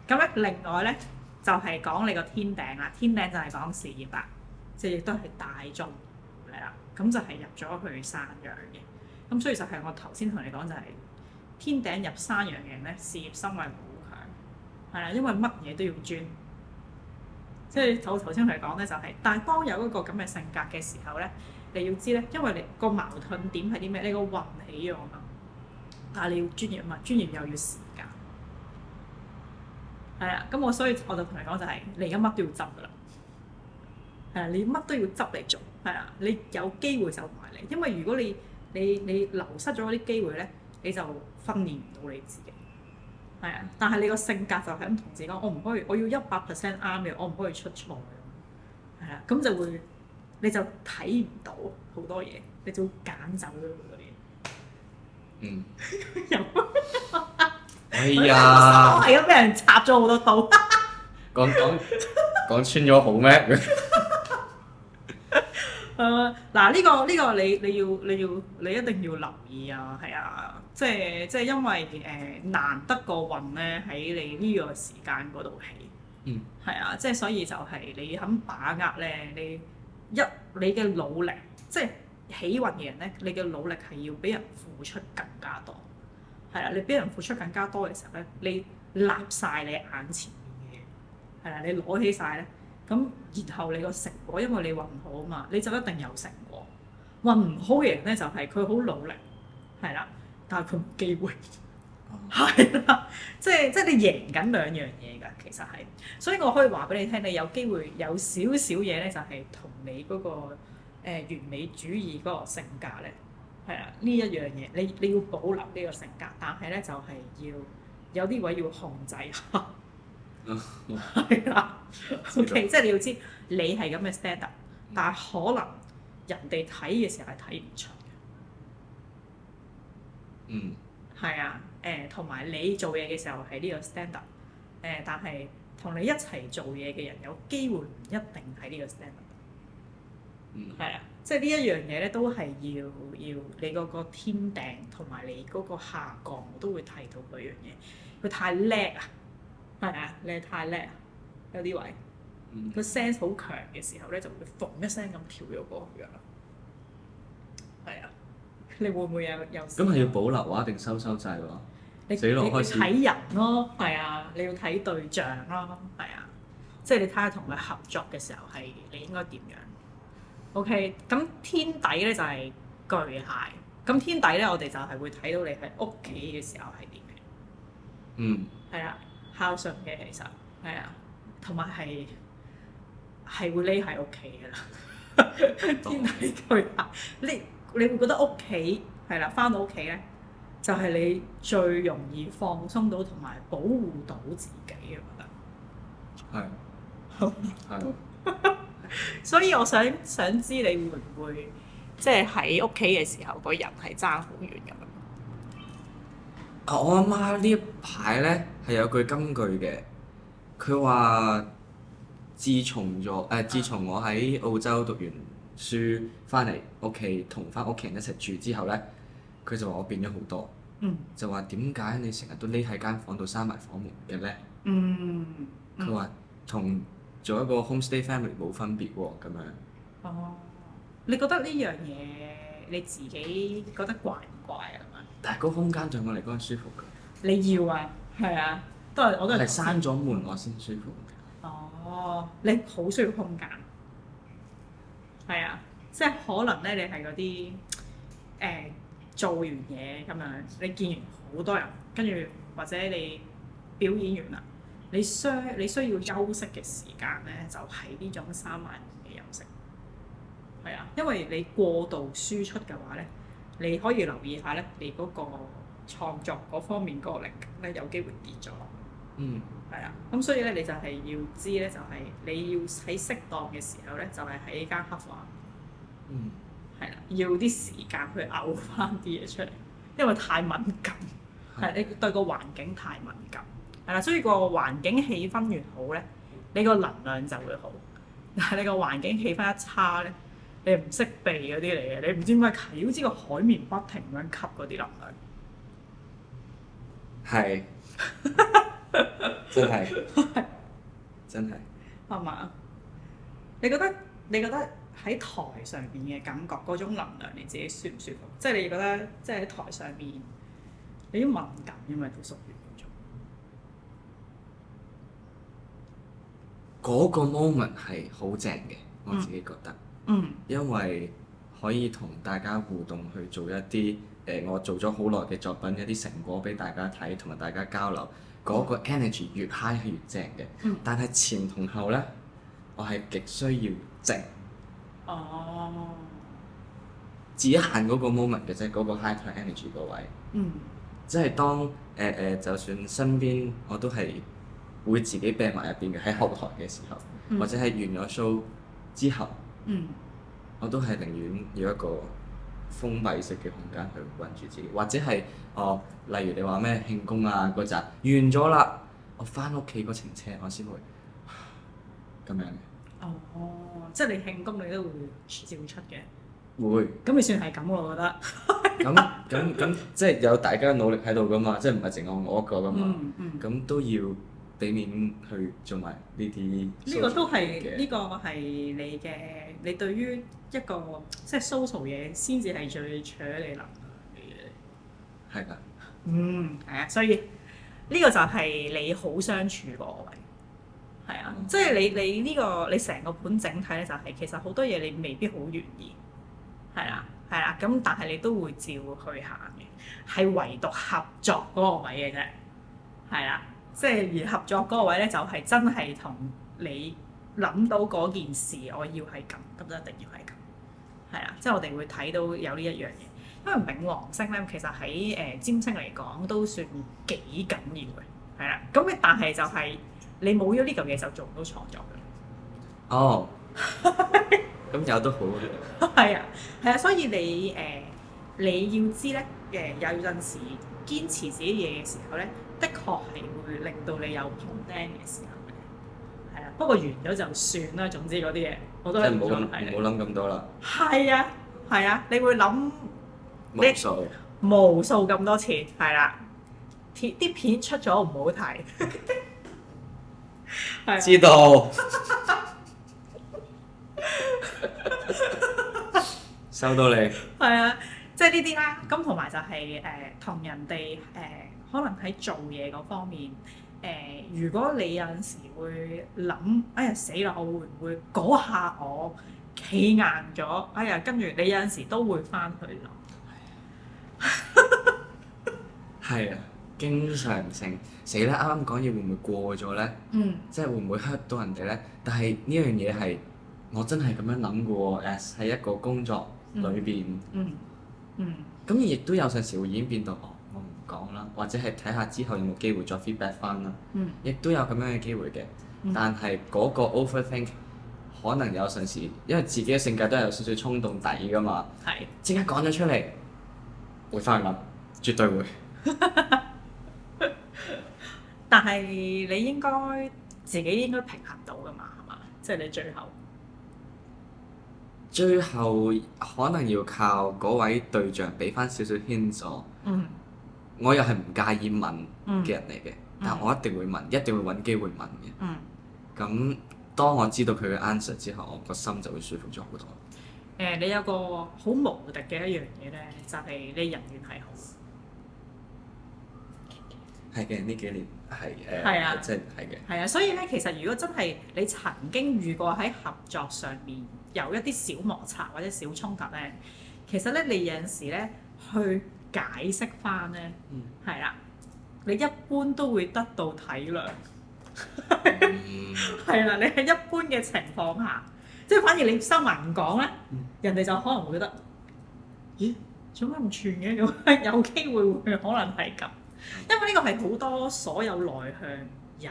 咁咧另外咧就係講你個天頂啦，天頂就係講事業啦，即係亦都係大眾係啦，咁就係入咗去山羊嘅，咁所以就係我頭先同你講就係天頂入山羊嘅人咧，事業心畏唔好強，係啦，因為乜嘢都要專，即係我頭先嚟講咧就係，但係當有一個咁嘅性格嘅時候咧。你要知咧，因為你個矛盾點係啲咩？你個運起用啊，但係你要專業啊嘛，專業又要時間，係啊。咁我所以我就同你講就係，你而家乜都要執噶啦，係啊，你乜都要執嚟做，係啊，你有機會就埋嚟，因為如果你你你流失咗啲機會咧，你就訓練唔到你自己，係啊。但係你個性格就係咁同自己講，我唔可以，我要一百 percent 啱嘅，我唔可以出錯，係啊，咁就會。你就睇唔到好多嘢，你就揀走咗好多嘢。嗯。 哎呀！我係咁俾人插咗好多套，講講講穿咗好咩？誒、這個，嗱，呢個呢個你你要你要，你，要你一定要留意啊！係啊，即係即係因為誒、呃、難得個運咧喺你呢個時間嗰度起。嗯。係啊，即係所以就係你肯把握咧，你。一你嘅努力，即係起運嘅人咧，你嘅努力係要俾人付出更加多，係啦，你俾人付出更加多嘅時候咧，你立晒你眼前嘅嘢，係啦，你攞起晒咧，咁然後你個成果，因為你運好啊嘛，你就一定有成果。運唔好嘅人咧，就係佢好努力，係啦，但係佢冇機會。 係啦，即係即係你贏緊兩樣嘢噶，其實係，所以我可以話俾你聽，你有機會有少少嘢咧，就係同你嗰個誒完美主義嗰個性格咧，係啊，呢一樣嘢，你你要保留呢個性格，但係咧就係、是、要有啲位要控制嚇，係 啦 ，OK， 即係你要知你係咁嘅 standard，但係可能人哋睇嘅時候係睇唔出嘅，嗯。係啊，誒同埋你做嘢嘅時候係呢個 standard，誒、呃、但係同你一齊做嘢嘅人有機會唔一定係呢個 standard，嗯，係啊，即係呢一樣嘢咧都係要要你嗰個天頂同埋你嗰個下降，我都會睇到兩樣嘢，佢太叻啊，係啊、嗯，你太叻，啊，有啲位，個 sense 好強嘅時候咧就會嘣一聲咁跳咗過去㗎啦。你會唔會有？又？咁係要保留話定收收制話？你死落開始睇人咯，啊，係啊，你要睇對象咯，啊，係啊，即係你睇下同佢合作嘅時候係你應該點樣？OK，咁天底咧就係、是、巨蟹，咁天底咧我哋就係會睇到你喺屋企嘅時候係點嘅。嗯，係啊，孝順嘅其實係啊，同埋係係會匿喺屋企噶啦， 天底巨蟹匿。你你會覺得屋企係啦，返到屋企咧，就係、是、你最容易放鬆到同埋保護到自己嘅。覺得係，好係。所以我想想知你會唔會即係喺屋企嘅時候，個人係爭好遠咁樣？啊！我阿媽呢一排咧係有句金句嘅，佢話：自從咗誒、呃，自從我喺澳洲讀完啊書翻嚟屋企同翻屋企人一齊住之後咧，佢就話我變咗好多，嗯、就話點解你成日都匿喺間房度閂埋房門嘅咧、嗯？嗯，佢話同做一個 home stay family 冇分別喎、哦，咁樣。哦，你覺得呢樣嘢你自己覺得怪唔怪啊？但係個空間對我嚟講係舒服嘅。你要啊，係、嗯、啊，都係我都係。係閂咗門、嗯、我先舒服。哦，你好需要空間。係啊，即係可能咧，你係嗰啲誒做完嘢咁樣，你見完好多人，跟住或者你表演完啦，你需你需要休息嘅時間咧，就係呢種三萬年嘅休息。係啊，因為你過度輸出嘅話咧，你可以留意下咧，你嗰個創作嗰方面嗰個力咧有機會跌咗。嗯。係啊，咁所以咧，你就係要知咧，就係、是、你要喺適當嘅時候咧，就係喺間黑房。嗯。係啦，要啲時間去嘔翻啲嘢出嚟，因為太敏感，係你對個環境太敏感，係啦。所以個環境氣氛越好咧，你個能量就會好。但係你個環境氣氛一差咧，你唔識避嗰啲嚟嘅，你唔知點解，好似個海綿不停咁吸嗰啲能量。係是。 真係， 是真係，係嘛？你覺得覺你，就是、你覺得喺台上邊嘅感，感覺，嗰種能量你自己舒唔舒服？即係你覺得即係喺台上面，你啲敏感，因為都屬於嗰種。嗰個 moment 係好正嘅，我自己覺得。嗯。因為可以同大家互動，去做一啲誒、呃，我做咗好耐嘅作品一啲成果俾大家睇，同埋大家交流。嗰個 energy 越 high 係越正嘅。嗯、但係前同後咧，我係極需要靜。哦。只限嗰個 moment 嘅啫，嗰、那個 high point energy 個位。即係、嗯、當誒誒、呃呃，就算身邊我都係會自己閉埋入邊嘅，喺學學嘅時候，嗯、或者喺完咗 show 之後，嗯、我都係寧願要一個。封閉式嘅空間去困住自己，或者係哦，例如你話咩慶功啊嗰陣完咗啦，我返屋企個程車我先會咁樣哦。哦，即係你慶功你都會照出嘅。會。咁咪算係咁我覺得。咁咁咁，即係有大家努力喺度㗎嘛，即係唔係淨係我一個㗎嘛，咁、嗯嗯、都要。俾面去做埋呢啲，呢個都係呢個係你嘅，嗯。你對於一個即係 social 嘢先至係最 choose 你啦。係㗎。嗯，係啊，所以呢，呢個就係你好相處個位。係啊，即係，嗯，你你呢，呢個你成個本整體咧，就係，就係其實好多嘢你未必好願意。係啦，係啦，咁但係你都會照去行嘅，係唯獨合作嗰個位嘅啫。係啦。即係而合作嗰位咧，就係、是、真係同你諗到嗰件事，我要係咁，咁就一定要係咁，係啊！即係我哋會睇到有呢一樣嘢，因為冥王星咧，其實喺誒、呃、占星嚟講都算幾緊要嘅，係啦。咁但係就係、是、你冇咗呢嚿嘢就做唔到創作嘅。哦，咁 有都好嘅。係啊， 係啊，所以你誒、呃、你要知咧，誒、呃、有陣時堅持自己嘢嘅時候咧。的確係會令到你有好釘嘅時候，係啊。不過完咗就算啦。總之嗰啲嘢，我都係冇諗，唔好諗咁多啦。係啊，係啊，你會諗無數無數咁多次，係啦。貼啲片出咗唔好睇，知道。收到，你係啊，即係呢啲啦。咁同埋就係誒同人哋誒。可能喺做嘢嗰方面，誒、呃，如果你有陣時會諗，哎呀死啦，我會唔會嗰下我企硬咗？哎呀，跟住你有陣時都會翻去諗，係 啊、哎，經常性死啦！啱啱講嘢會唔會過咗咧？嗯，即係會唔會 hurt 到人哋咧？但係呢樣嘢係我真係咁樣諗嘅喎，喺、嗯、一個工作裏邊、嗯，嗯嗯，咁亦都有陣時會演變到。講啦，或者係睇下之後有冇機會再 feedback 翻啦、嗯。亦都有咁樣嘅機會嘅，嗯、但係嗰個 overthink、嗯、可能有陣時，因為自己嘅性格都有少少衝動底㗎嘛。係是，即刻講咗出嚟的，會翻去諗，絕對會。 但係你應該自己應該平衡到㗎嘛，係嘛？即、就、係、是、你最後最後可能要靠嗰位對象俾翻少少 hint 咗。嗯。我又係唔介意問嘅人嚟嘅，嗯、但我一定會問，一定會揾機會問嘅。咁、嗯、當我知道佢嘅 answer 之後，我個心就會舒服咗好多。誒、呃，你有個好無敵嘅一樣嘢呢，就係、是、你人緣係好。係嘅，呢幾年係啊，即係係嘅。係啊，所以呢，其實如果真係你曾經遇過喺合作上面有一啲小摩擦或者小衝突呢，其實呢，你有陣時呢去，解釋翻咧，係啦，你一般都會得到體諒，係 啦，你喺一般嘅情況下，即係反而你收埋唔講咧，人哋就可能會覺得，咦，做咩唔串嘅咁？ 有機會會可能係咁，因為呢個係好多所有內向人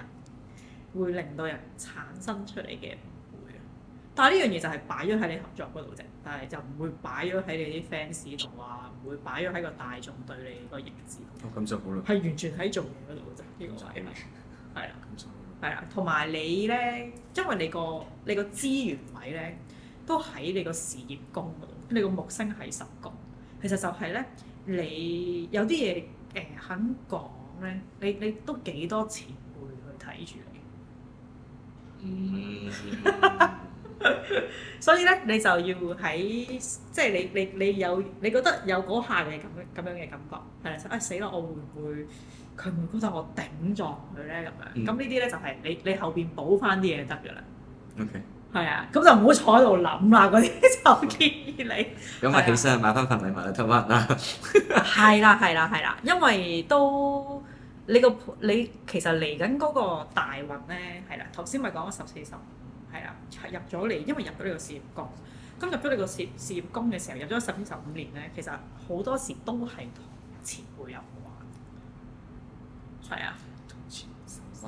會令到人產生出嚟嘅誤會，但係呢樣嘢就係擺咗喺你合作嗰度啫。但係就唔會擺咗喺你啲 fans 度啊，唔會擺咗喺個大眾對你個認知度。哦，咁就好啦。係完全喺做嘢嗰度啫，呢個係啦，係啦，冇錯。係啦，同埋你咧，因為你個你個資源位咧，都喺你個事業宮嗰度，你個木星喺十宮，其實就係咧，你有啲嘢誒肯講咧，你你都幾多前輩去睇住你。嗯。 所以咧，你就要喺即係你你你有你覺得有嗰下嘅咁樣咁樣嘅感覺，係啦，哎死咯，我會唔會佢唔會覺得我頂撞佢咧咁樣？咁呢啲咧就係你你後邊補翻啲嘢得嘅啦。OK，係啊，咁就唔好坐喺度諗啦。嗰啲就建議你。咁咪起身買翻份禮物嚟偷翻啦。係啦係啦係啦，因為都你個你其實嚟緊嗰個大運咧，係啦、啊，頭先咪講咗十四十。係啦，入咗嚟，因為入咗呢個事業宮，咁入咗呢個事事業宮嘅時候，入咗十至十五年咧，其實好多時都係同前輩有關，係啊，同前輩有關，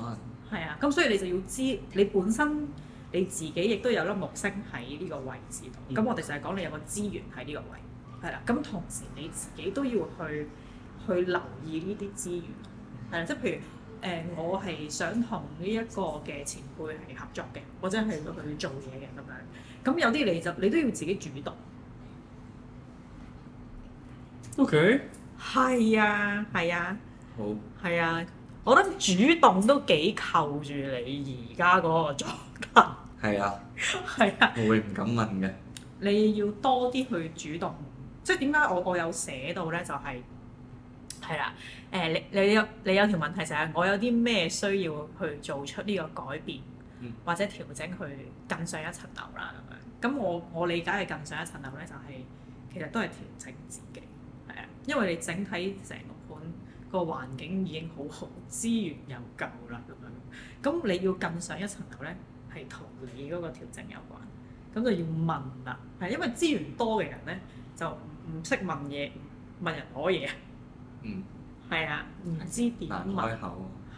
係啊哇，咁所以你就要知你本身你自己亦都有粒木星喺呢個位置度，咁、嗯、我哋就係講你有個資源喺呢個位，係啦，咁同時你自己都要去去留意呢啲資源，係啦，即係譬如。誒、嗯，我係想同呢一個嘅前輩係合作嘅，或者係去做嘢嘅咁樣。咁有啲你就你都要自己主動。OK。係啊，係啊。啊好。係啊，我覺得主動都幾扣住你而家嗰個狀態。係 啊。係 啊。我會唔敢問嘅。你要多啲去主動，即係點解我我有寫到咧，就係、是。係啦，誒、欸，你你有你有條問題就係我有啲咩需要去做出呢個改變，或者調整去更上一層樓啦。咁樣咁我我理解嘅更上一層樓咧，就係、是、其實都係調整自己係啊，因為你整體成個盤個環境已經好好，資源又夠啦。咁樣咁你要更上一層樓咧，係同你嗰個調整有關，咁就要問啦。係因為資源多嘅人咧，就唔唔識問嘢問人攞嘢。嗯，係啊，唔知點問，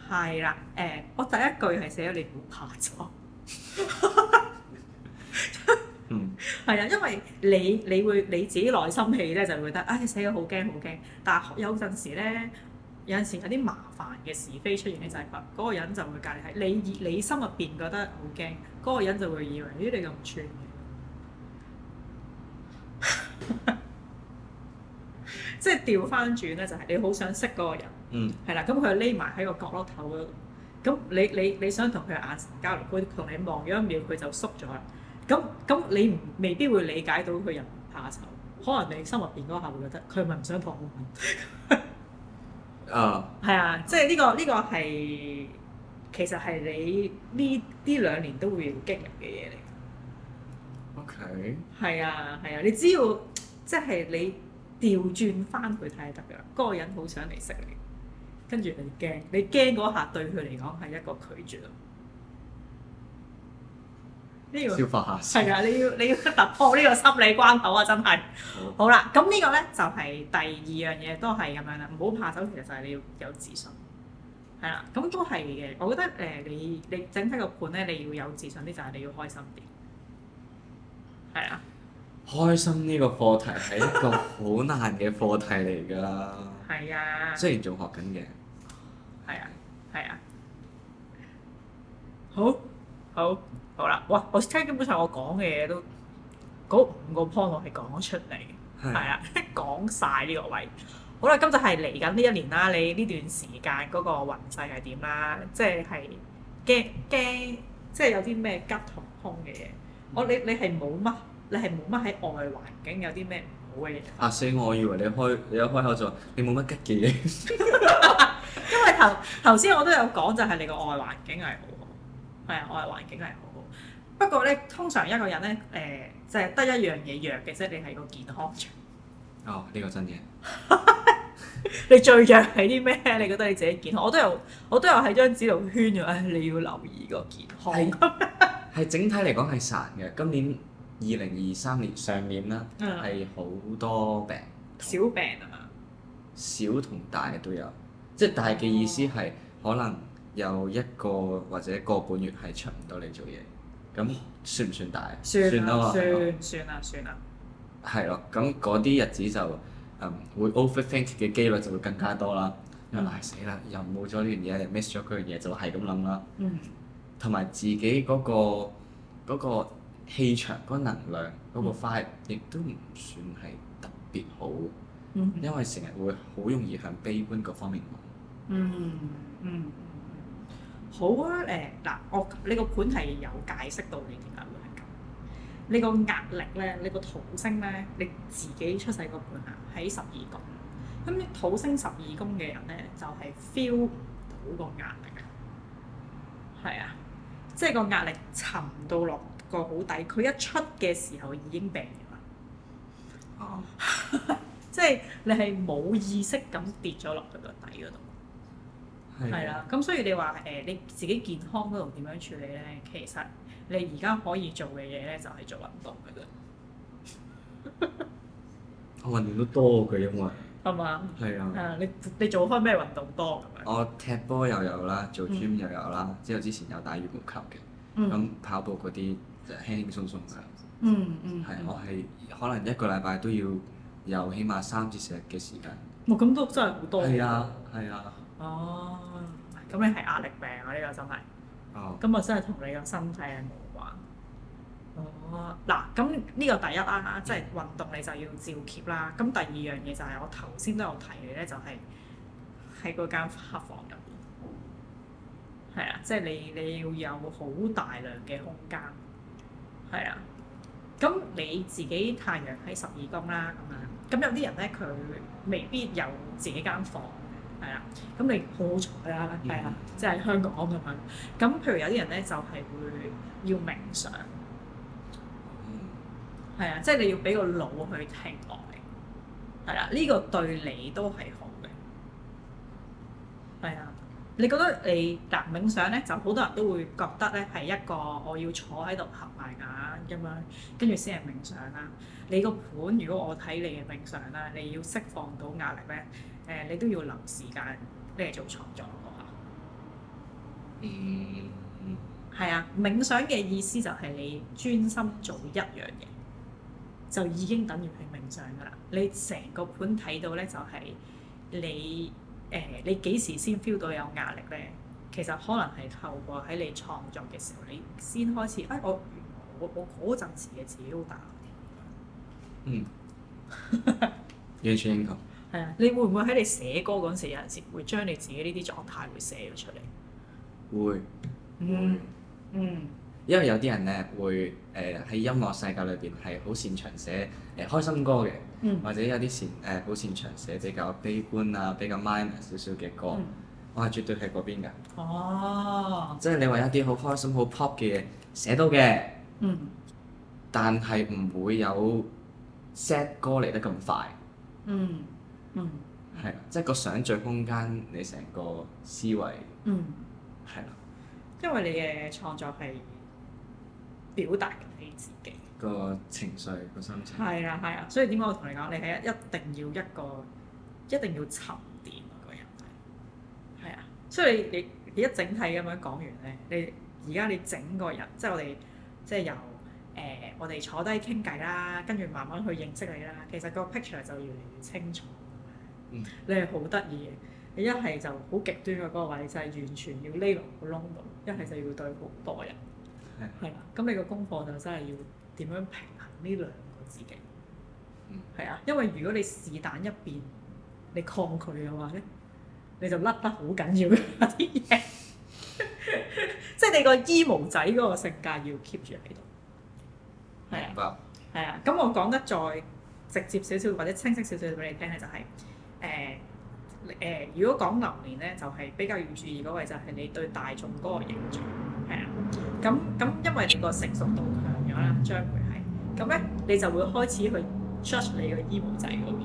係啦，誒、呃，我第一句係寫咗你唔好怕錯， 嗯，係啊，因為你你會你自己內心戲咧就會覺得，你寫咗好驚好驚，但係有陣時咧，有陣時有啲麻煩嘅是非出現咧，就係、是、嗰、那個人就會隔離喺你你，你心入邊覺得好驚，嗰、那個人就會以為咦、哎、你咁串嘅。 即係調翻轉咧，就係、係、你好想識嗰個人，係啦、嗯，咁佢匿埋喺個角落頭嗰度。咁你你你想同佢眼神交流，佢同你望咗一秒，佢就縮咗啦。咁咁你唔未必會理解到佢人怕醜。可能你心入邊嗰下會覺得佢咪唔想同我 啊，係啊，即係呢、呢個呢、呢個係其實係你呢呢兩年都會經歷嘅嘢嚟。OK。係啊係啊，你只要即係你。調轉翻去睇得㗎啦，嗰個人好想嚟識你，跟住你驚，你驚嗰下對佢嚟講係一個拒絕咯。呢個消化下，係啊，你要你要突破呢個心理關口啊，真係好啦。咁呢個咧就係第二樣嘢，都係咁樣啦。唔好怕醜，其實就係你要有自信。係啦，咁都係嘅。我覺得誒，你你整體個盤咧，你要有自信啲，就係你要開心啲。係啊。開心呢個課題係一個好 難嘅課題嚟㗎。係啊。雖然仲學緊嘅。係啊，係啊。好好好啦，哇，我聽基本上我講嘅嘢都嗰五個 point 我係講咗出嚟，係啊，講晒呢個位。好啦，今集係嚟緊呢一年啦，你呢段時間嗰個運勢係點啦？即係驚驚，即係、就是、有啲咩急同空嘅嘢。我你你係冇嗎？你係冇乜喺外環境有啲咩唔好嘅嘢？嚇死、啊、我！我以為你開你一開口就話你冇乜吉嘅嘢。 因為頭頭先我都有講就係你個外環境係好，係啊，外環境係好。好，不過咧，通常一個人咧誒就係得一樣嘢弱嘅啫，你係個健康弱。哦，呢、呢個真嘅。 你最弱係啲咩？你覺得你自己健康？我都有，我都有喺張紙度圈咗。誒、哎，你要留意個健康。係整體嚟講係散嘅，今年。二零二三年上年啦，係好多病。小病啊。嘛，小同大都有，即係大嘅意思係、嗯、可能有一個或者個半月係長唔到嚟做嘢，咁算唔算大啊？算啦，算算啦，算啦。係咯，咁嗰啲日子就嗯會 overthink 嘅機率就會更加多啦、嗯，因為賴死啦，又冇咗呢樣嘢，又 miss 咗嗰樣嘢，就係咁諗啦。同埋、嗯、自己嗰個嗰個，那個那個氣場嗰個能量嗰、那個 fire 亦都唔算係特別好，嗯、因為成日會好容易向悲觀嗰方面落。嗯嗯，好啊誒嗱、欸，我你個盤係有解釋到你點解會係咁。你個壓力咧，你個土星咧，你自己出世個盤喺十二宮，咁啲土星十二宮嘅人咧就係、是、feel 到個壓力，係啊，即係個壓力沉到落。個好底，佢一出嘅時候已經病㗎啦。哦、oh. 即係你係冇意識咁跌咗落去個底嗰度。係啦、啊，咁、啊、所以你話誒、欸、你自己健康嗰度點樣處理咧？其實你而家可以做嘅嘢咧，就係、是、做運動嘅啫。 我運動都多嘅，因為係嘛？係吧啊。誒、啊，你你做開咩運動多？我踢波又有啦，做 gym 又有啦，嗯、之後之前有打羽毛球嘅。嗯。咁跑步嗰啲。輕輕鬆鬆㗎、嗯，嗯嗯，係我係可能一個禮拜都要有起碼三至四日嘅時間。咁、哦、都真係好多。係啊，係啊。哦，咁你係壓力病啊？呢、呢個真係、哦。哦。咁啊，真係同你個身體係無關。哦，嗱，咁呢個第一啦，即、就、係、是、運動你就要照 keep 啦。咁第二樣嘢就係、是、我頭先都有提咧、啊，就係喺個間客房入邊。係啊，即係你你要有好大量嘅空間。係啊，咁你自己太陽喺十二宮啦，咁樣咁有啲人咧佢未必有自己間房，係啦，咁你好好彩啦，係啊，即係香港咁樣。咁譬如有啲人咧就係會要冥想，係啊，即係你要俾個腦去停落嚟，係啦，呢個對你都係好嘅，係啊。你覺得你嗱冥想咧，就好多人都會覺得咧係一個我要坐喺度合埋眼咁樣，跟住先係冥想啦。你個盤如果我睇你嘅冥想啦，你要釋放到壓力咧，誒你都要留時間你嚟做創作喎嚇？嗯，係啊，冥想嘅意思就係你專心做一樣嘢，就已經等於係冥想噶啦。你成個盤睇到咧就係你。誒、哎，你幾時先 feel 到有壓力咧？其實可能係透過喺你創作嘅時候，你先開始。誒、哎，我原來我我嗰陣時嘅自己好大。嗯。 完全認同，係啊， 你會唔會喺你寫歌嗰陣時，有陣時會將你自己呢啲狀態會寫咗出嚟？會。嗯、會嗯。嗯。因為有啲人咧會誒喺、呃、音樂世界裏邊係好擅長寫誒開心歌嘅，嗯、或者有啲擅誒好擅長寫比較悲觀啊、比較 minor 少少嘅歌。我係、嗯、絕對係嗰邊㗎。哦，即係你話一啲好開心、好 pop 嘅嘢寫到嘅、嗯嗯，嗯，但係唔會有 sad 歌嚟得咁快。嗯嗯，係，即係個想像空間，你成個思維，嗯，係啦的，因為你嘅創作係。表達嘅你自己個情緒個心情係啊，係啊，所以點解我同你講，你係一定要一個一定要沉澱個人，係啊，所以你你一整體咁樣講完咧，你而家你整個人，即係我哋即係由誒我哋坐低傾偈啦，跟住慢慢去認識你啦，其實個 picture 就越嚟越清楚。你係好得意嘅，你一係就好極端嘅嗰個位，就係完全要匿落個窿度，一係就要對好多人。係啦，咁 你個功課就真係要點樣平衡呢兩個自己？係啊， 因為如果你是但一邊，你抗拒嘅話咧，你就甩得好緊要嘅啲嘢，即 係 你個衣毛仔嗰個性格要 keep 住喺度。係啊，係 啊，咁、嗯嗯、我講得再直接少少或者清晰少少俾你聽咧、就是，就係誒誒，如果講流年咧，就係、是、比較要注意嗰位就係你對大眾嗰個形象。 係啊，咁咁、嗯嗯、因為你個成熟度強咗啦，將會係咁咧，你就會開始去 judge 你個醫務仔嗰邊。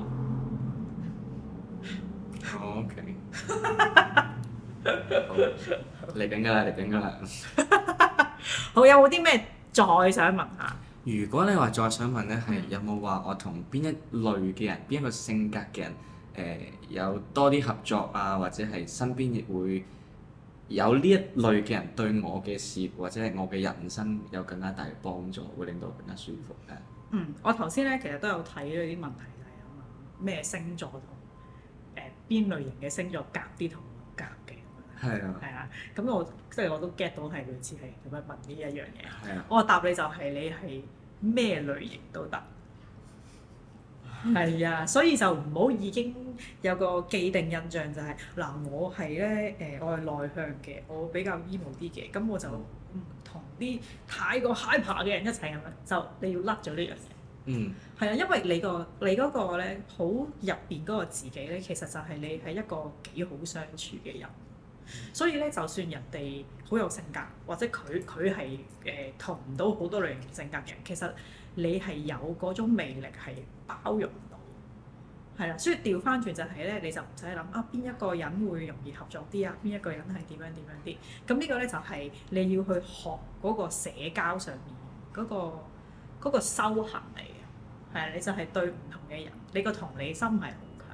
OK，嚟緊㗎啦，嚟緊㗎啦。 好，有冇啲咩再想問下？如果你話再想問咧，係有冇話我同邊一類嘅人，邊一個性格嘅人誒、呃、有多啲合作啊，或者係身邊亦會，有呢一類嘅人對我嘅事業或者係我嘅人生有更加大嘅幫助，會令到我更加舒服嘅。嗯，我頭先咧其實都有睇咗啲問題嚟咁嘛，咩、就是、星座同誒邊類型嘅星座夾啲同夾嘅咁係啊。係啊，咁我即係我都 get 到係類似係咁樣問呢一樣嘢。係啊。我答你就係、是、你係咩類型都得。係、嗯、啊，所以就唔好已經有個既定印象就係、是、嗱，我係咧誒，我係內向嘅，我比較 emo 啲嘅，咁我就唔同啲太過 hyper 嘅人一齊咁，就你要甩咗呢樣嘢。嗯，係、嗯嗯嗯、啊，因為你、那個你嗰個咧好入邊嗰個自己咧，其實就係你係一個幾好相處嘅人，嗯、所以咧就算人哋好有性格，或者佢佢係誒同唔到好多類型性格嘅人，其實。你係有嗰種魅力係包容到，係啦，所以調翻轉就係咧，你就唔使諗啊邊一個人會容易合作啲啊，邊一個人係點樣點樣啲。咁呢個咧就係你要去學嗰個社交上面嗰個嗰個修行嚟嘅，係啊，你就係對唔同嘅人，你個同理心係好強，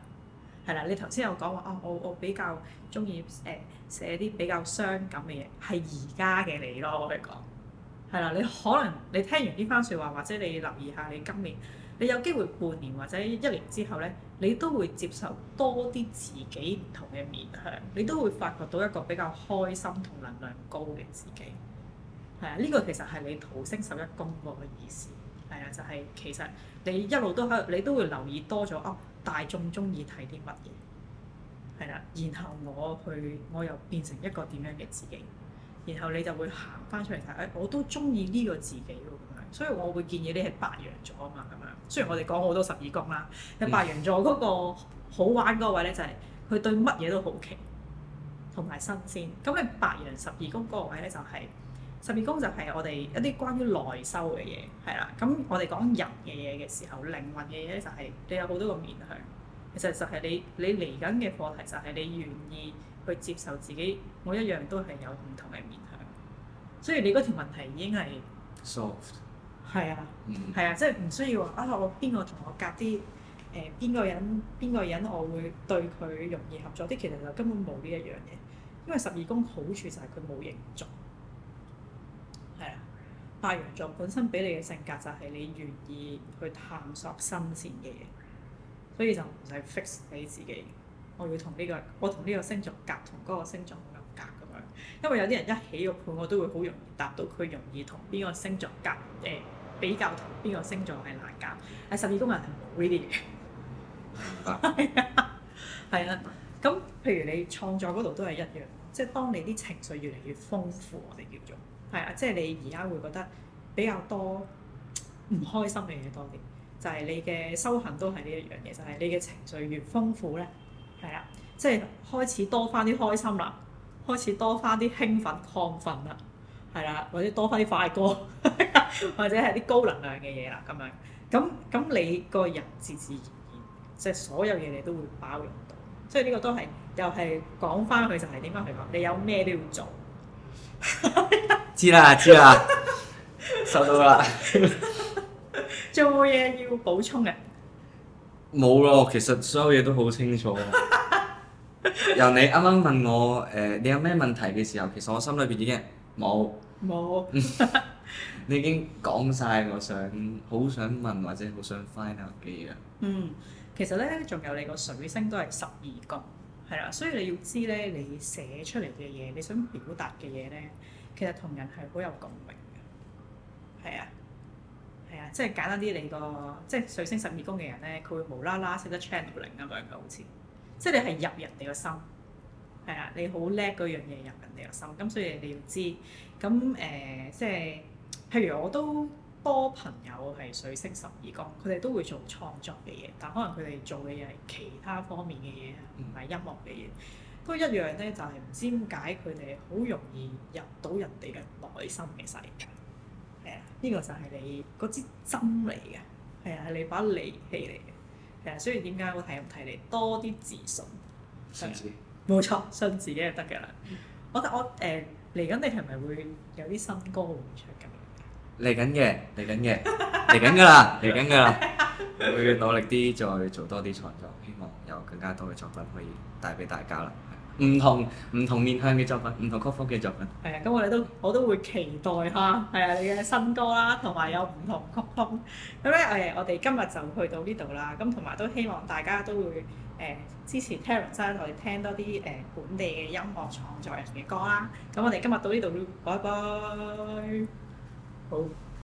係啦。你頭先又講話啊，我我比較鍾意誒寫啲比較傷感嘅嘢，係而家嘅你咯，我哋講。係啦，你可能你聽完呢番說話，或者你留意下你今年，你有機會半年或者一年之後咧，你都會接受多啲自己唔同嘅面向，你都會發覺到一個比較開心同能量高嘅自己。係啊，呢、這個其實係你土星十一宮嗰個意思。係啊，就係、是、其實你一路都喺度，你都會留意多咗哦，大眾鍾意睇啲乜嘢。係啦，然後我去，我又變成一個點樣嘅自己。然後你就會行翻出嚟睇，誒、哎，我都中意呢個自己喎咁樣，所以我會建議你係白羊座啊嘛咁樣。雖然我哋講好多十二宮啦，嘅、嗯、白羊座嗰個好玩嗰個位咧就係佢對乜嘢都好奇，同埋新鮮。咁你白羊十二宮嗰個位咧就係、是、十二宮就係我哋一啲關於內修嘅嘢，係啦。咁我哋講人嘅嘢嘅時候，靈魂嘅嘢咧就係你有好多個面向。其實就係你你嚟緊嘅課題就係你願意，去接受自己，我一樣都係有唔同嘅面向。所以你嗰條問題已經係 soft。係啊，係、嗯、啊，即係唔需要話啊！我邊個同我夾啲誒邊個人？邊個人我會對佢容易合作啲？其實就根本冇呢一樣嘢。因為十二宮好處就係佢冇形狀。係啊，白羊座本身俾你嘅性格就係你願意去探索新鮮嘅嘢，所以就唔使 fix 俾自己。我要同呢、這個，我同呢個星座夾，同嗰個星座唔夾咁樣。因為有啲人一起個盤，我都會好容易答到佢。容易同邊個星座夾誒、呃？比較同邊個星座係難夾。係十二宮人係冇呢啲嘢，係啊 ，係咁譬如你創作嗰度都係一樣，即係當你啲情緒越嚟越豐富，我哋叫做係啊。即係你而家會覺得比較多唔開心嘅嘢多啲，就係、是、你嘅修行都係呢一樣嘢，就係、是、你嘅情緒越豐富咧。係啦，即係開始多翻啲開心啦，開始多翻啲興奮亢奮啦，係啦，或者多翻啲快歌， 或者係啲高能量嘅嘢啦，咁樣。咁咁你個人自自然然，即係所有嘢你都會包容到，所以呢個都係又係講翻佢就係點解佢講，你有咩都要做。 知啦知啦，收到啦。做 冇嘢要補充嘅、啊。冇咯，其實所有嘢都好清楚。 由你啱啱問我誒、呃，你有咩問題嘅時候，其實我心裏邊已經冇冇。沒有 你已經講晒我想好想問或者好想 find out 嘅嘢。嗯，其實咧，仲有你個水星都係十二宮，係啦，所以你要知咧，你寫出嚟嘅嘢，你想表達嘅嘢咧，其實同人係好有共鳴嘅，係啊。即係簡單啲，你個即係水星十二宮嘅人咧，佢會無啦啦識得 channeling 咁樣嘅，好似即係你係入人哋個心，係啊，你好叻嗰樣嘢入人哋個心。咁所以你要知，咁誒、呃、即係譬如我都多朋友係水星十二宮，佢哋都會做創作嘅嘢，但可能佢哋做嘅嘢係其他方面嘅嘢，唔係音樂嘅嘢。都一樣咧，就係、是、唔知解佢哋好容易入到人哋嘅內心嘅世界。呢個就係你嗰支針嚟嘅，係啊，係你把利器嚟嘅，係啊，所以點解我睇唔睇你多啲自信？信自己，冇錯是，錯信自己就得嘅啦。我覺得我誒嚟緊，呃、你係咪會有啲新歌會出㗎？嚟緊嘅，嚟緊嘅，嚟緊㗎啦，嚟緊㗎啦，會努力啲再做多啲創作，希望有更加多嘅作品可以帶俾大家啦。唔同唔同面向嘅作品，唔同曲風嘅作品。係啊，咁我哋都我都會期待下，係啊，你嘅新歌啦，同埋有唔同曲風。咁咧，誒、哎，我哋今日就去到呢度啦。咁同埋都希望大家都會誒、呃、支持 Terence 啦、啊，同我哋聽多啲誒、呃、本地嘅音樂創作人嘅歌啦。咁我哋今日到呢度拜拜。好。